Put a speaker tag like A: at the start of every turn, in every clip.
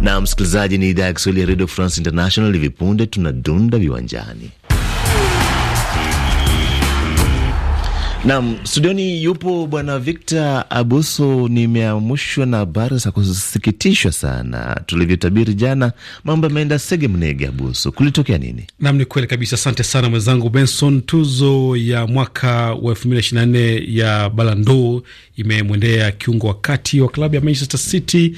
A: Na msikilizaji, ni idhaa ya Kiswahili ya Radio France International. Hivi punde tunadunda viwanjani. Nam studioni yupo Bwana Victor Abuso. Nimeamushwa na habari za kusikitishwa sana. Tulivyotabiri jana, mambo yameenda sege mnege. Abuso, kulitokea nini?
B: Nam, ni kweli kabisa. Asante sana mwenzangu Benson. Tuzo ya mwaka wa elfu mbili ishirini na nne ya Balando imemwendea kiungo wa kati wa klabu ya Manchester City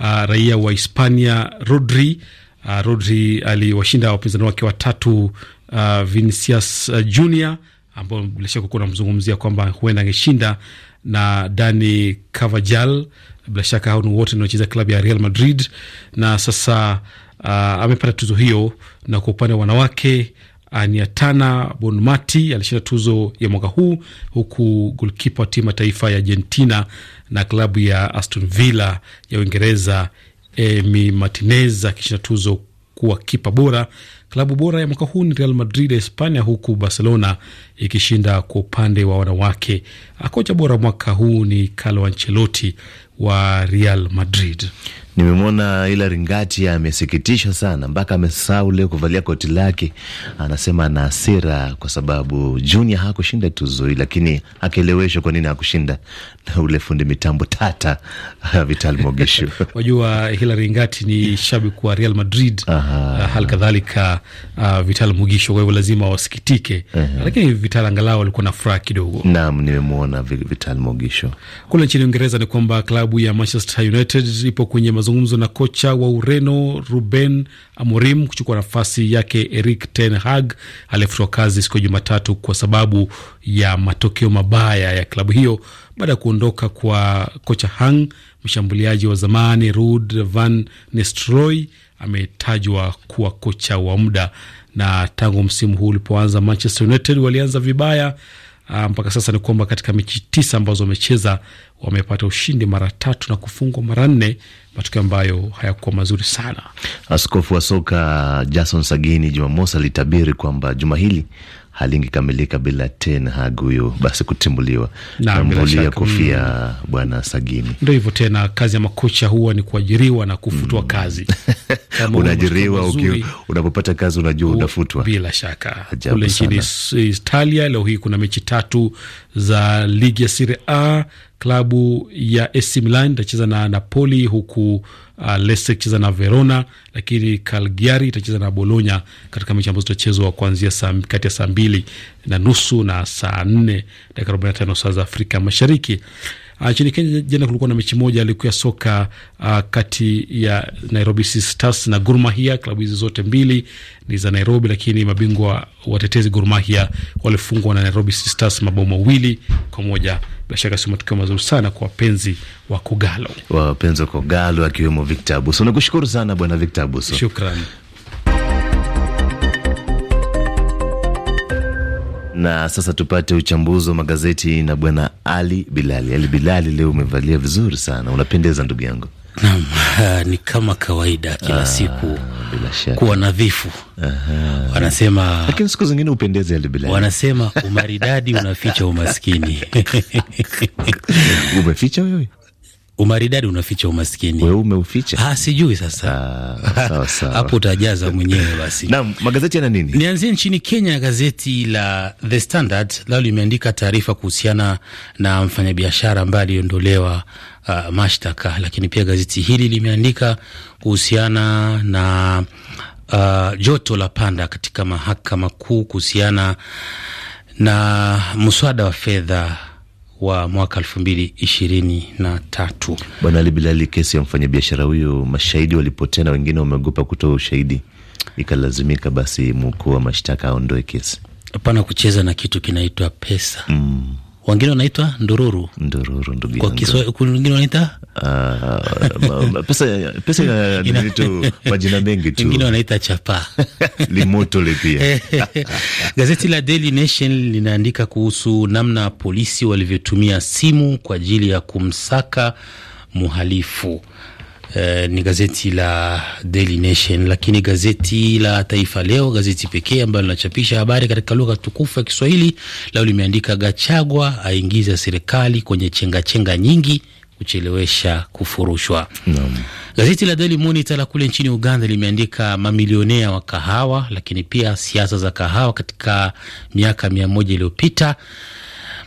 B: uh, raia wa Hispania Rodri uh, Rodri aliwashinda wapinzani wake watatu uh, Vinicius uh, Junior ambao bila shaka kuwa namzungumzia kwamba huenda angeshinda na Dani cavajal Bila shaka hao ni wote wanaocheza klabu ya Real Madrid na sasa uh, amepata tuzo hiyo. Na kwa upande wa wanawake Aniatana ah, Bonmati alishinda tuzo ya mwaka huu, huku golkipa wa timu ya taifa ya Argentina na klabu ya Aston Villa ya Uingereza Emi Martinez akishinda tuzo kuwa kipa bora. Klabu bora ya mwaka huu ni Real Madrid ya Hispania, huku Barcelona ikishinda kwa upande wa wanawake. Ah, kocha bora mwaka huu ni Carlo Ancelotti wa Real Madrid.
A: Nimemwona ila Ringati amesikitishwa sana mpaka amesahau leo kuvalia koti lake. Anasema ana hasira kwa sababu Junior hakushinda tuzo hii, lakini akieleweshwa kwa nini hakushinda na ule fundi mitambo tata uh, Vital Mogisho. Wajua ila
B: Ringati ni shabiki wa Real Madrid, uh, hali kadhalika uh, Vital Mugisho, kwa hivyo lazima wasikitike. Aha. Lakini Vital angalau alikuwa na furaha kidogo.
A: Naam, nimemwona Vital Mogisho.
B: Kule nchini Uingereza ni kwamba klabu ya Manchester United ipo kwenye mazungumzo na kocha wa Ureno Ruben Amorim kuchukua nafasi yake Erik ten Hag aliyefutwa kazi siku ya Jumatatu kwa sababu ya matokeo mabaya ya klabu hiyo baada ya kuondoka kwa kocha Hang. Mshambuliaji wa zamani Ruud van Nistelrooy ametajwa kuwa kocha wa muda, na tangu msimu huu ulipoanza Manchester United walianza vibaya Uh, mpaka sasa ni kwamba katika mechi tisa ambazo wamecheza wamepata ushindi mara tatu na kufungwa mara nne, matokeo ambayo hayakuwa mazuri sana.
A: Askofu wa soka Jason Sagini Jumamosi alitabiri kwamba juma hili halingekamilika bila Ten Hag huyu basi kutimbuliwa Namvulia kofia mm, bwana Sagini.
B: Ndo hivyo tena, kazi ya makocha huwa ni kuajiriwa na kufutwa
A: mm, kazi unaajiriwa unapopata kazi unajua unafutwa bila shaka. Kule nchini
B: Italia leo hii kuna mechi tatu za ligi ya Serie A, klabu ya AC Milan itacheza na Napoli huku uh, ikicheza na Verona, lakini Cagliari itacheza na Bologna katika mechi ambazo zitachezwa kuanzia kati ya saa mbili na nusu na saa nne dakika arobaini na tano saa za Afrika Mashariki. Ah, nchini Kenya jana kulikuwa na mechi moja ilikuwa soka uh, kati ya Nairobi City Stars na Gor Mahia. Klabu hizi zote mbili ni za Nairobi, lakini mabingwa watetezi Gor Mahia walifungwa na Nairobi City Stars mabao mawili kwa moja bila shaka sio matukio mazuri sana kwa wapenzi wa Kogalo,
A: wapenzi wa Kogalo akiwemo Victor Abuso. Nakushukuru sana bwana Victor Abuso, shukran Na sasa tupate uchambuzi wa magazeti na bwana Ali Bilali. Ali Bilali, leo umevalia vizuri sana, unapendeza ndugu yangu.
C: Naam, eh, ni kama kawaida kila aa, ah, siku
A: kuwa nadhifu. Wanasema, lakini
C: siku zingine upendeze bila. Wanasema umaridadi unaficha umaskini. Umeficha wewe? Umaridadi unaficha umaskini. Wewe umeuficha? Ah, sijui sasa. Ah, Hapo utajaza mwenyewe basi. Naam, magazeti yana nini? Nianzie nchini Kenya, gazeti la The Standard lao limeandika taarifa kuhusiana na mfanyabiashara ambaye aliondolewa uh, mashtaka, lakini pia gazeti hili limeandika kuhusiana na uh, joto la panda katika mahakama kuu kuhusiana na mswada wa fedha wa mwaka elfu mbili ishirini na tatu.
A: Bwana Ali Bilali, kesi ya mfanyabiashara huyo, mashahidi walipotea na wengine wameogopa kutoa ushahidi, ikalazimika basi mkuu wa mashtaka aondoe kesi.
C: Hapana kucheza na kitu kinaitwa pesa mm wengine wanaitwa ndururu,
A: ndururu ndugu kwa Kiswahili, wengine wanaita ah, pesa pesa ina vitu majina mengi tu, wengine wanaita chapa limoto le pia.
C: Gazeti la Daily Nation linaandika kuhusu namna polisi walivyotumia simu kwa ajili ya kumsaka muhalifu. Eh, ni gazeti la Daily Nation, lakini gazeti la Taifa Leo, gazeti pekee ambalo linachapisha habari katika lugha tukufu ya Kiswahili, lao limeandika Gachagua aingiza serikali kwenye chengachenga -chenga nyingi kuchelewesha kufurushwa no. Gazeti la Daily Monitor la kule nchini Uganda limeandika mamilionea wa kahawa, lakini pia siasa za kahawa katika miaka mia moja iliyopita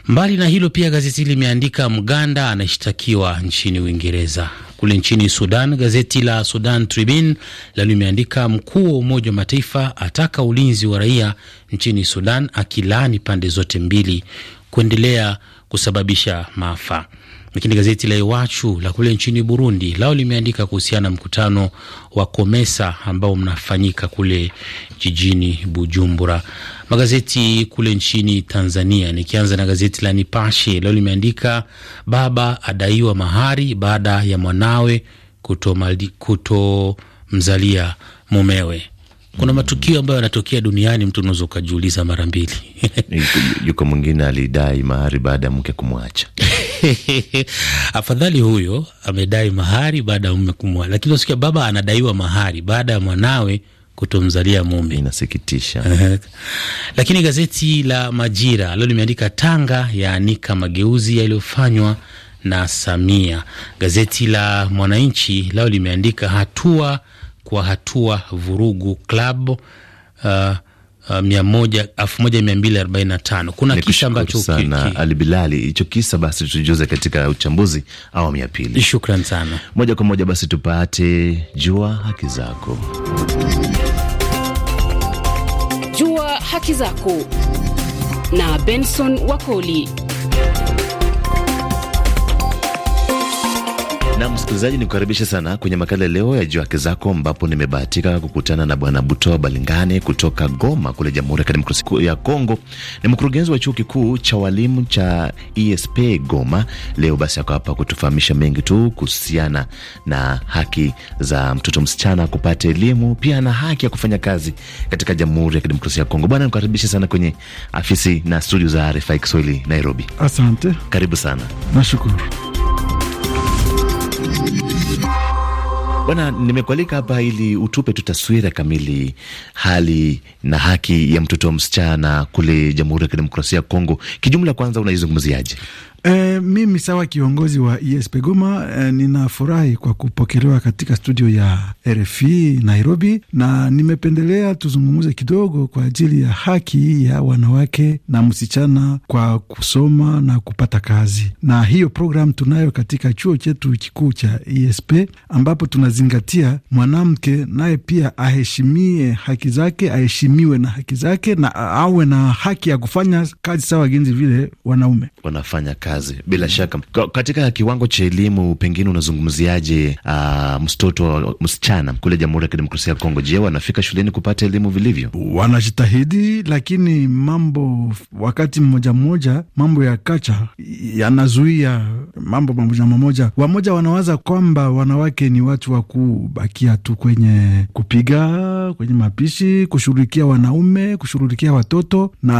C: Mbali na hilo, pia gazeti limeandika Mganda anashtakiwa nchini Uingereza. Kule nchini Sudan, gazeti la Sudan Tribune la limeandika mkuu wa Umoja wa Mataifa ataka ulinzi wa raia nchini Sudan, akilaani pande zote mbili kuendelea kusababisha maafa. Lakini gazeti la Iwachu la kule nchini Burundi lao limeandika kuhusiana na mkutano wa Komesa ambao mnafanyika kule jijini Bujumbura. Magazeti kule nchini Tanzania, nikianza na gazeti la Nipashe lao limeandika baba adaiwa mahari baada ya mwanawe kutomzalia mumewe. Kuna matukio ambayo yanatokea duniani, mtu unaweza
A: ukajiuliza mara mbili. Yuko mwingine alidai mahari baada ya mke kumwacha.
C: Afadhali huyo amedai mahari baada ya mume kumua lakini nasikia baba anadaiwa mahari baada ya mwanawe kutomzalia mume. Inasikitisha. Lakini gazeti la Majira leo limeandika Tanga yaanika mageuzi yaliyofanywa na Samia. Gazeti la Mwananchi lao limeandika hatua kwa hatua vurugu klabu uh, Uh, mia moja elfu Kuna kisa ambacho sana
A: Ali Bilali, hicho kisa basi tujuze katika uchambuzi awamu ya pili. Shukran sana. Moja kwa moja basi tupate Jua Haki Zako. Jua Haki Zako na Benson Wakoli. Na msikilizaji, nikukaribishe sana kwenye makala leo ya Jua Haki Zako, ambapo nimebahatika kukutana na Bwana Butoa Balingane kutoka Goma kule Jamhuri ya Kidemokrasia ya Kongo. Ni mkurugenzi wa chuo kikuu cha walimu cha ESP Goma. Leo basi ako hapa kutufahamisha mengi tu kuhusiana na haki za mtoto msichana kupata elimu, pia na haki ya kufanya kazi katika Jamhuri ya Kidemokrasia ya Kongo. Bwana, nikukaribishe sana kwenye afisi na studio za RFI Kiswahili Nairobi. Asante, karibu sana. Nashukuru. Bwana, nimekualika hapa ili utupe tu taswira kamili hali na haki ya mtoto wa msichana kule Jamhuri ya Kidemokrasia ya Kongo. Kijumla kwanza, unaizungumziaje? E, mimi
D: sawa kiongozi wa ESP Goma e, ninafurahi kwa kupokelewa katika studio ya RFI Nairobi, na nimependelea tuzungumze kidogo kwa ajili ya haki ya wanawake na msichana kwa kusoma na kupata kazi, na hiyo program tunayo katika chuo chetu kikuu cha ESP ambapo tunazingatia mwanamke naye pia aheshimie haki zake, aheshimiwe na haki zake, na awe na haki ya kufanya kazi sawa ginzi vile wanaume
A: wanafanya kazi kazi bila mm. shaka. Katika kiwango cha elimu, pengine unazungumziaje uh, mtoto msichana kule Jamhuri ya Kidemokrasia ya Kongo? Je, wanafika shuleni kupata elimu vilivyo? Wanajitahidi,
D: lakini mambo wakati mmoja mmoja, mambo ya kacha
A: yanazuia
D: mambo mamoja mamoja. Wamoja wanawaza kwamba wanawake ni watu wa kubakia tu kwenye kupiga, kwenye mapishi, kushughulikia wanaume, kushughulikia watoto, na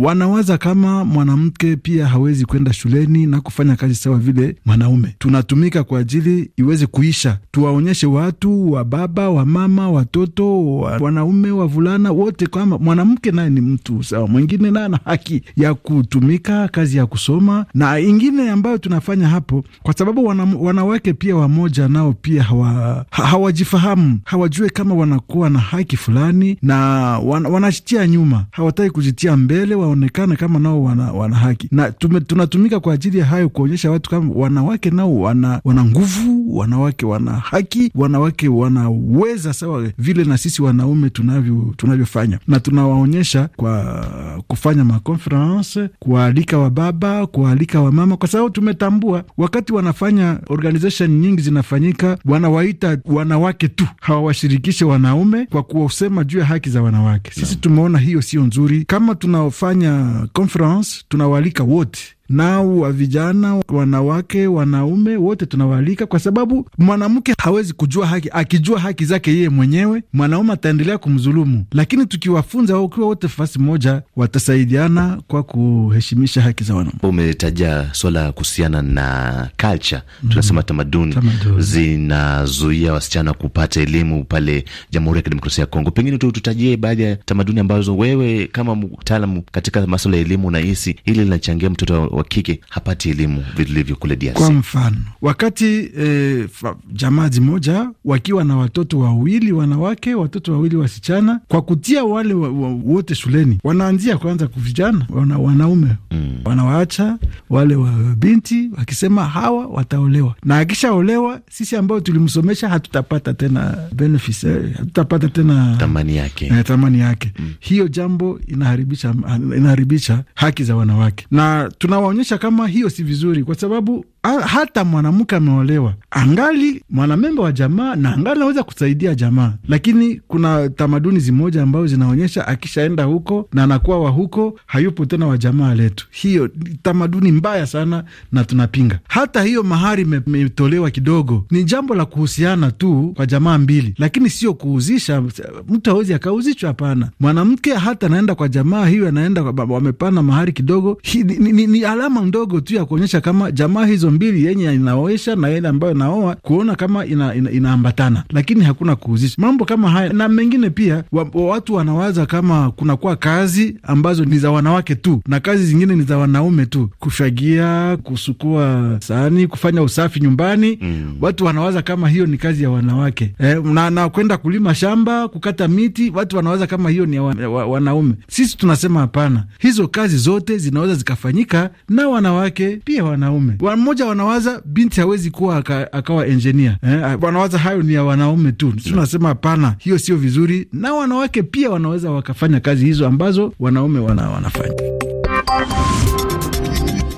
D: wanawaza kama mwanamke pia hawezi haiwezi kwenda shuleni na kufanya kazi sawa vile mwanaume. Tunatumika kwa ajili iweze kuisha, tuwaonyeshe watu wa baba wa mama watoto wa wanaume wavulana wote kwamba mwanamke naye ni mtu sawa mwingine, naye ana haki ya kutumika kazi ya kusoma na ingine ambayo tunafanya hapo, kwa sababu wana, wanawake pia wamoja nao pia hawa, hawajifahamu hawajue kama wanakuwa na haki fulani na wan, wanajitia nyuma, hawataki kujitia mbele waonekane kama nao wana, wana haki na tumet tunatumika kwa ajili ya hayo, kuonyesha watu kama wanawake nao wana, wana nguvu, wanawake wana haki, wanawake wanaweza sawa vile na sisi wanaume tunavyo tunavyofanya, na tunawaonyesha kwa kufanya makonferense, kuwaalika wababa, kuwaalika wamama, kwa sababu tumetambua wakati wanafanya organization nyingi zinafanyika, wanawaita wanawake tu, hawawashirikishe wanaume kwa kuwasema juu ya haki za wanawake. Sisi tumeona hiyo sio nzuri. Kama tunafanya conference tunawaalika wote nao wa vijana, wanawake, wanaume wote tunawaalika, kwa sababu mwanamke hawezi kujua haki. Akijua haki zake yeye mwenyewe, mwanaume ataendelea kumdhulumu, lakini tukiwafunza, ukiwa wote fasi moja,
A: watasaidiana kwa kuheshimisha haki za wanaume. Umetaja swala kuhusiana na culture, tunasema mhm. tamaduni, zinazuia wasichana kupata elimu pale Jamhuri ya Kidemokrasia ya Kongo. Pengine tutajie baadhi ya tamaduni ambazo wewe kama mtaalamu katika masuala ya elimu unahisi hili linachangia mtoto wa kike hapati elimu vilivyo kule DRC. Kwa
D: mfano wakati e, jamaa zimoja wakiwa na watoto wawili wanawake, watoto wawili wasichana, kwa kutia wale wa, wa, wote shuleni wanaanzia kwanza kuvijana wana, wanaume mm. wanawaacha wale wa binti wakisema hawa wataolewa, na akishaolewa sisi ambao tulimsomesha hatutapata tena benefits, eh, hatutapata tena thamani yake, eh, thamani yake. Mm. Hiyo jambo inaharibisha, inaharibisha haki za wanawake na tunawa inaonyesha kama hiyo si vizuri, kwa sababu hata mwanamke ameolewa angali mwanamemba wa jamaa na angali anaweza kusaidia jamaa, lakini kuna tamaduni zimoja ambayo zinaonyesha akishaenda huko na anakuwa wa huko hayupo tena wa jamaa letu. Hiyo tamaduni mbaya sana na tunapinga. Hata hiyo mahari imetolewa me, kidogo, ni jambo la kuhusiana tu kwa jamaa mbili, lakini sio kuuzisha. Mtu awezi akauzishwa, hapana. Mwanamke hata anaenda kwa jamaa hiyo, anaenda wamepana mahari kidogo, hi, ni, ni, ni, alama ndogo tu ya kuonyesha kama jamaa hizo mbili yenye inaoesha na yale ambayo naoa kuona kama ina, ina, inaambatana, lakini hakuna kuhuzisha mambo kama haya na mengine pia. Wa, wa watu wanawaza kama kunakuwa kazi ambazo ni za wanawake tu na kazi zingine ni za wanaume tu, kufagia, kusukua sahani, kufanya usafi nyumbani mm. Watu wanawaza kama hiyo ni kazi ya wanawake eh, na, na kwenda kulima shamba, kukata miti, watu wanawaza kama hiyo ni ya wa, wa, wanaume. Sisi tunasema hapana, hizo kazi zote zinaweza zikafanyika na wanawake pia wanaume. Mmoja wanawaza binti hawezi kuwa aka, akawa engineer eh, ah, wanawaza hayo ni ya wanaume tu. Tunasema hapana, hiyo sio vizuri, na wanawake pia wanaweza wakafanya kazi hizo ambazo wanaume wana wanafanya.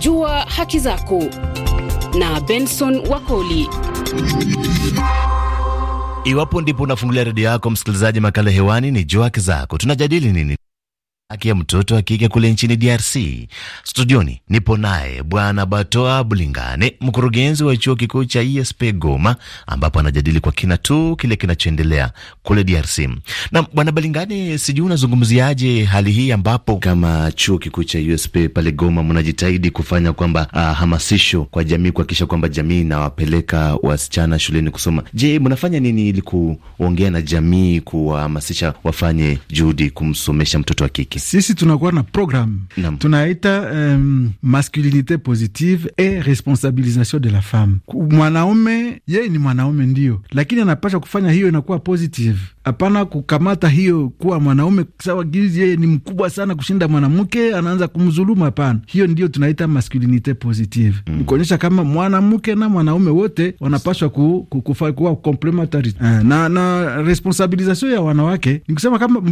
A: Jua haki zako na Benson Wakoli. Iwapo ndipo unafungulia redio yako, msikilizaji, makala hewani ni Jua haki zako. Tunajadili nini? haki ya mtoto wa kike kule nchini DRC. Studioni nipo naye Bwana Batoa Bulingane, mkurugenzi wa chuo kikuu cha ESP Goma, ambapo anajadili kwa kina tu kile kinachoendelea kule DRC. Na Bwana Bulingane, sijui unazungumziaje hali hii ambapo kama chuo kikuu cha USP e pale Goma mnajitahidi kufanya kwamba uh, hamasisho kwa jamii kuhakikisha kwamba jamii inawapeleka wasichana shuleni kusoma. Je, mnafanya nini ili kuongea na jamii kuwahamasisha wafanye juhudi kumsomesha mtoto wa kike? yake.
D: Sisi tunakuwa na program tunaita um, masculinite positive e responsabilisation de la femme. Mwanaume yeye ni mwanaume ndio, lakini anapasha kufanya hiyo, inakuwa positive, hapana kukamata hiyo kuwa mwanaume sawa gizi yeye ni mkubwa sana kushinda mwanamke, anaanza kumzuluma. Hapana, hiyo ndio tunaita masculinite positive mm. ni kuonyesha kama mwanamke na mwanaume wote wanapashwa ku, ku, kufa, kuwa complementary eh, na, na responsabilisation ya wanawake ni kusema kama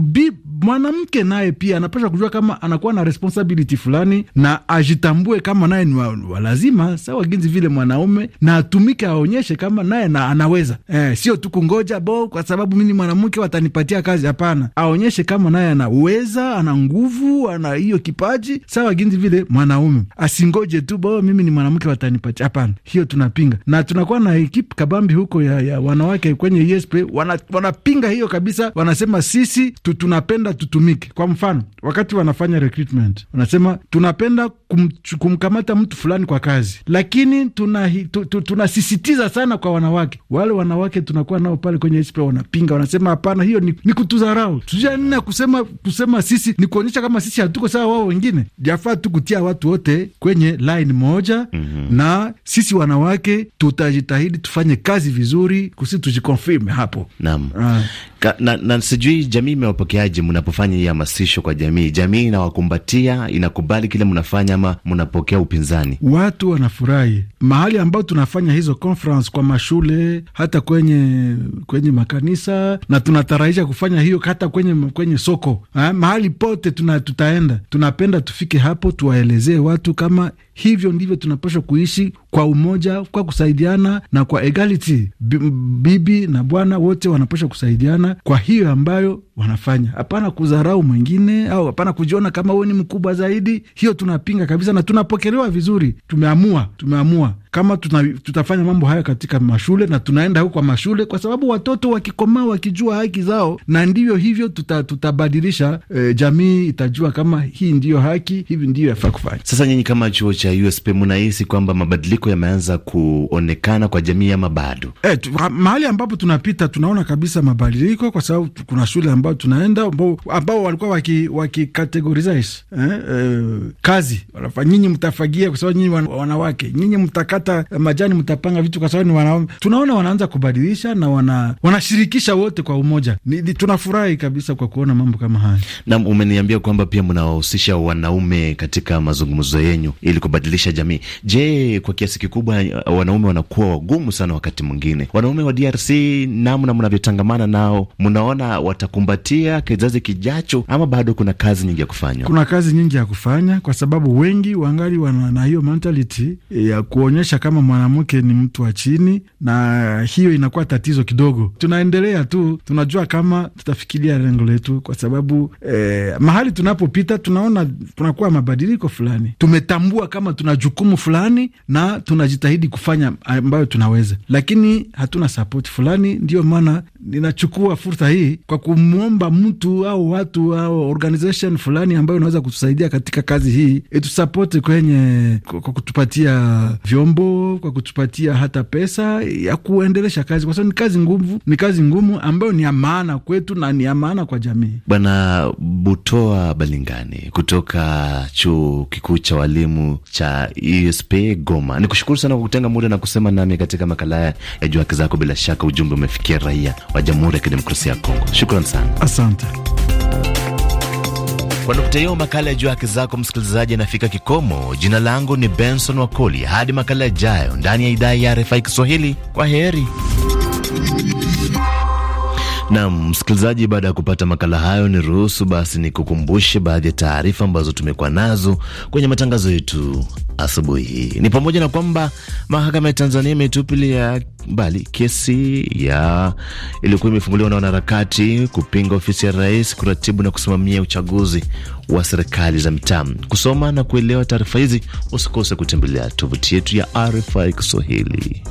D: mwanamke naye pia pia anapasha kujua kama anakuwa na responsibility fulani na ajitambue kama naye ni walazima sawa ginzi vile mwanaume, na atumike aonyeshe kama naye na anaweza eh, sio tu kungoja bo kwa sababu mimi ni mwanamke watanipatia kazi. Hapana, aonyeshe kama naye anaweza, ana nguvu, ana hiyo kipaji sawa ginzi vile mwanaume. Asingoje tu bo mimi ni mwanamke watanipatia. Hapana, hiyo tunapinga na tunakuwa na ekip kabambi huko ya, ya wanawake kwenye ESP, wana, wanapinga hiyo kabisa, wanasema sisi tunapenda tutumike. Kwa mfano wakati wanafanya recruitment, wanasema tunapenda kum, kumkamata mtu fulani kwa kazi, lakini tunasisitiza tu, tuna sana kwa wanawake. Wale wanawake tunakuwa nao pale kwenye SPA wanapinga, wanasema hapana, hiyo ni, ni kutudharau. Tujua nini kusema, kusema sisi ni kuonyesha kama sisi hatuko sawa wao wengine. Jafaa tu kutia watu wote kwenye line moja mm
A: -hmm. na sisi wanawake tutajitahidi tufanye kazi vizuri kusi tujikonfirme hapo. Naam. Ah na, na sijui jamii imewapokeaje mnapofanya hii hamasisho kwa jamii? Jamii inawakumbatia inakubali kile mnafanya ama mnapokea upinzani?
D: Watu wanafurahi mahali ambao tunafanya hizo conference kwa mashule, hata kwenye kwenye makanisa, na tunatarahisha kufanya hiyo hata kwenye kwenye soko ha? Ah, mahali pote tuna, tutaenda tunapenda tufike hapo tuwaelezee watu kama Hivyo ndivyo tunapaswa kuishi kwa umoja, kwa kusaidiana na kwa egality. Bibi na bwana wote wanapaswa kusaidiana kwa hiyo ambayo wanafanya, hapana kudharau mwingine au hapana kujiona kama wewe ni mkubwa zaidi. Hiyo tunapinga kabisa na tunapokelewa vizuri. Tumeamua, tumeamua kama tuna, tutafanya mambo hayo katika mashule na tunaenda huko kwa mashule, kwa sababu watoto wakikomaa wakijua haki zao, na ndivyo hivyo tuta, tutabadilisha e, jamii
A: itajua kama hii ndiyo haki, hivi ndiyo yafaa kufanya. Sasa nyinyi kama chuo cha USP munahisi kwamba mabadiliko yameanza kuonekana kwa jamii ama bado?
D: E, tu, mahali ambapo tunapita tunaona kabisa mabadiliko, kwa sababu kuna shule ambao tunaenda ambao walikuwa waki, waki eh, eh, kazi wanafanya, nyinyi mtafagia kwa sababu nyinyi wanawake, nyinyi mtakata majani, mtapanga vitu kwa sababu ni wanaume. Tunaona wanaanza kubadilisha na wana, wanashirikisha wote kwa umoja. Tunafurahi kabisa kwa kuona mambo kama haya.
A: Na umeniambia kwamba pia mnawahusisha wanaume katika mazungumzo yenu ili kubadilisha jamii. Je, kwa kiasi kikubwa eh, wanaume wanakuwa wagumu sana wakati mwingine? Wanaume wa DRC namna mnavyotangamana nao, mnaona watakumba kukumbatia kizazi kijacho, ama bado kuna kazi nyingi ya kufanya?
D: Kuna kazi nyingi ya kufanya, kwa sababu wengi wangali wana hiyo mentality ya kuonyesha kama mwanamke ni mtu wa chini, na hiyo inakuwa tatizo kidogo. Tunaendelea tu, tunajua kama tutafikiria lengo letu, kwa sababu eh, mahali tunapopita tunaona tunakuwa mabadiliko fulani. Tumetambua kama tuna jukumu fulani na tunajitahidi kufanya ambayo tunaweza, lakini hatuna support fulani. Ndiyo maana ninachukua fursa hii kwa kumu kumwomba mtu au watu au organization fulani ambayo unaweza kutusaidia katika kazi hii, itusapoti kwenye kwa kutupatia vyombo, kwa kutupatia hata pesa ya kuendelesha kazi, kwa sababu ni kazi ngumu, ni kazi ngumu ambayo ni ya maana kwetu na ni ya maana kwa jamii.
A: Bwana Butoa Balingani kutoka chuo kikuu cha walimu cha USP e Goma, ni kushukuru sana kwa kutenga muda na kusema nami katika makala ya Jua Haki Zako. Bila shaka ujumbe umefikia raia wa Jamhuri ya Kidemokrasia ya Kongo. Shukran sana. Asante. Kwa nukta hiyo, makala ya Jua Haki Zako, msikilizaji, anafika kikomo. Jina langu ni Benson Wakoli. Hadi makala yajayo ndani ya idhaa ya RFI Kiswahili, kwa heri nam msikilizaji, baada ya kupata makala hayo, ni ruhusu basi ni kukumbushe baadhi ya taarifa ambazo tumekuwa nazo kwenye matangazo yetu asubuhi hii. Ni pamoja na kwamba mahakama ya Tanzania imetupilia mbali kesi ya iliyokuwa imefunguliwa na wanaharakati kupinga ofisi ya rais kuratibu na kusimamia uchaguzi wa serikali za mitaa. Kusoma na kuelewa taarifa hizi, usikose kutembelea tovuti yetu ya RFI Kiswahili.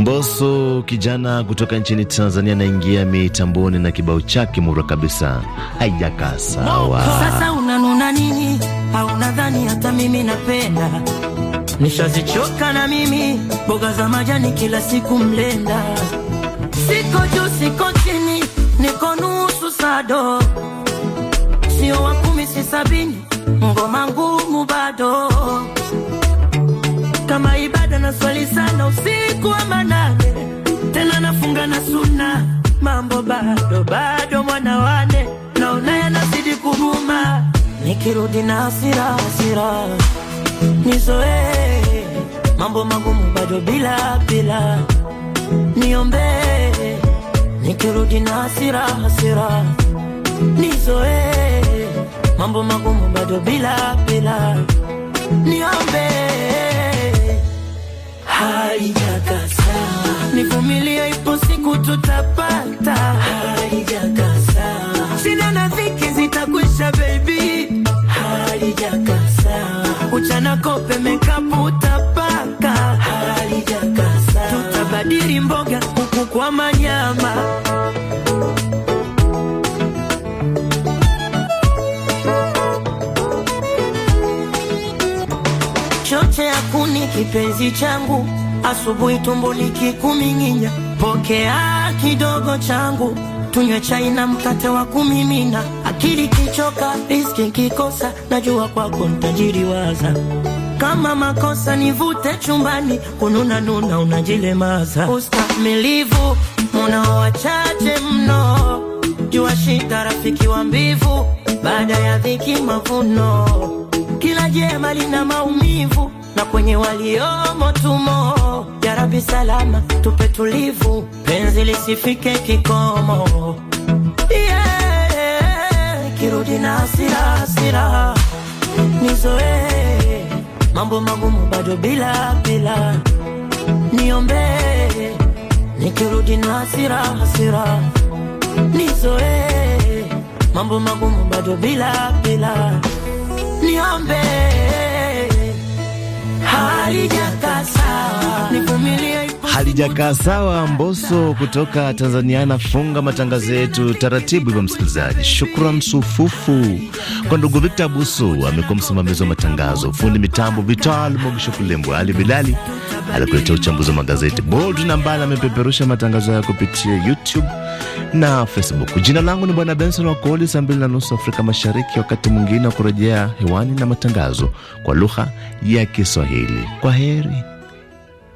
A: mboso kijana kutoka nchini Tanzania anaingia mitamboni na kibao chake mura kabisa, haijakaa sawa. Sasa
E: unanuna nini? Au nadhani hata mimi napenda,
A: nishazichoka
E: na mimi mboga za majani kila siku mlenda, siko juu siko chini, niko nusu sado, sio wa kumi si sabini, ngoma ngumu bado kama ibada na swali suna, mambo bado bado, mwana wane naona yanazidi kuvuma, nikirudi na hasira hasira nizoee, mambo magumu bado bila bila, niombe nikirudi na hasira hasira nizoee, mambo magumu bado bila bila, niombee. Haijakaa nivumilie, ipo siku tutapata. shida na dhiki zitakwisha, baby. Haijakasa, uchana kope mekapu utapaka. tutabadili mboga kuku kwa manyama choche ya kuni kipenzi changu asubuhi, tumboni kikuminginya, pokea kidogo changu, tunywe chai na mkate wa kumimina. Akili kichoka, riski kikosa, najua kwako waza kama makosa nivute chumbani, kununa nuna unajilemaza. Ustamilivu muna wachache mno, jua shida rafiki wa mbivu, baada ya dhiki mavuno, kila jema lina maumivu na kwenye waliomo tumo. Ya Rabi salama tupe tulivu, penzi lisifike kikomo. Yeah, kirudi na asira, hasira, nizoee mambo magumu bado bila bila, niombe nikirudi na hasira hasira, nizoee mambo magumu bado bila bila, niombee halijakaa sawa, nivumilie
A: halijakaa sawa. Mboso kutoka Tanzania anafunga matangazo yetu taratibu hivyo, msikilizaji. Shukran sufufu kwa ndugu Victor Busu, amekuwa msimamizi wa matangazo. Fundi mitambo Vital Mogisho Kulembwa. Ali Bilali alikuletea uchambuzi wa magazeti. Bold na Mbala amepeperusha matangazo haya kupitia YouTube na Facebook. Jina langu ni Bwana Benson Wakoli. Saa mbili na nusu Afrika Mashariki, wakati mwingine wa kurejea hewani na matangazo kwa lugha ya Kiswahili. Kwa heri.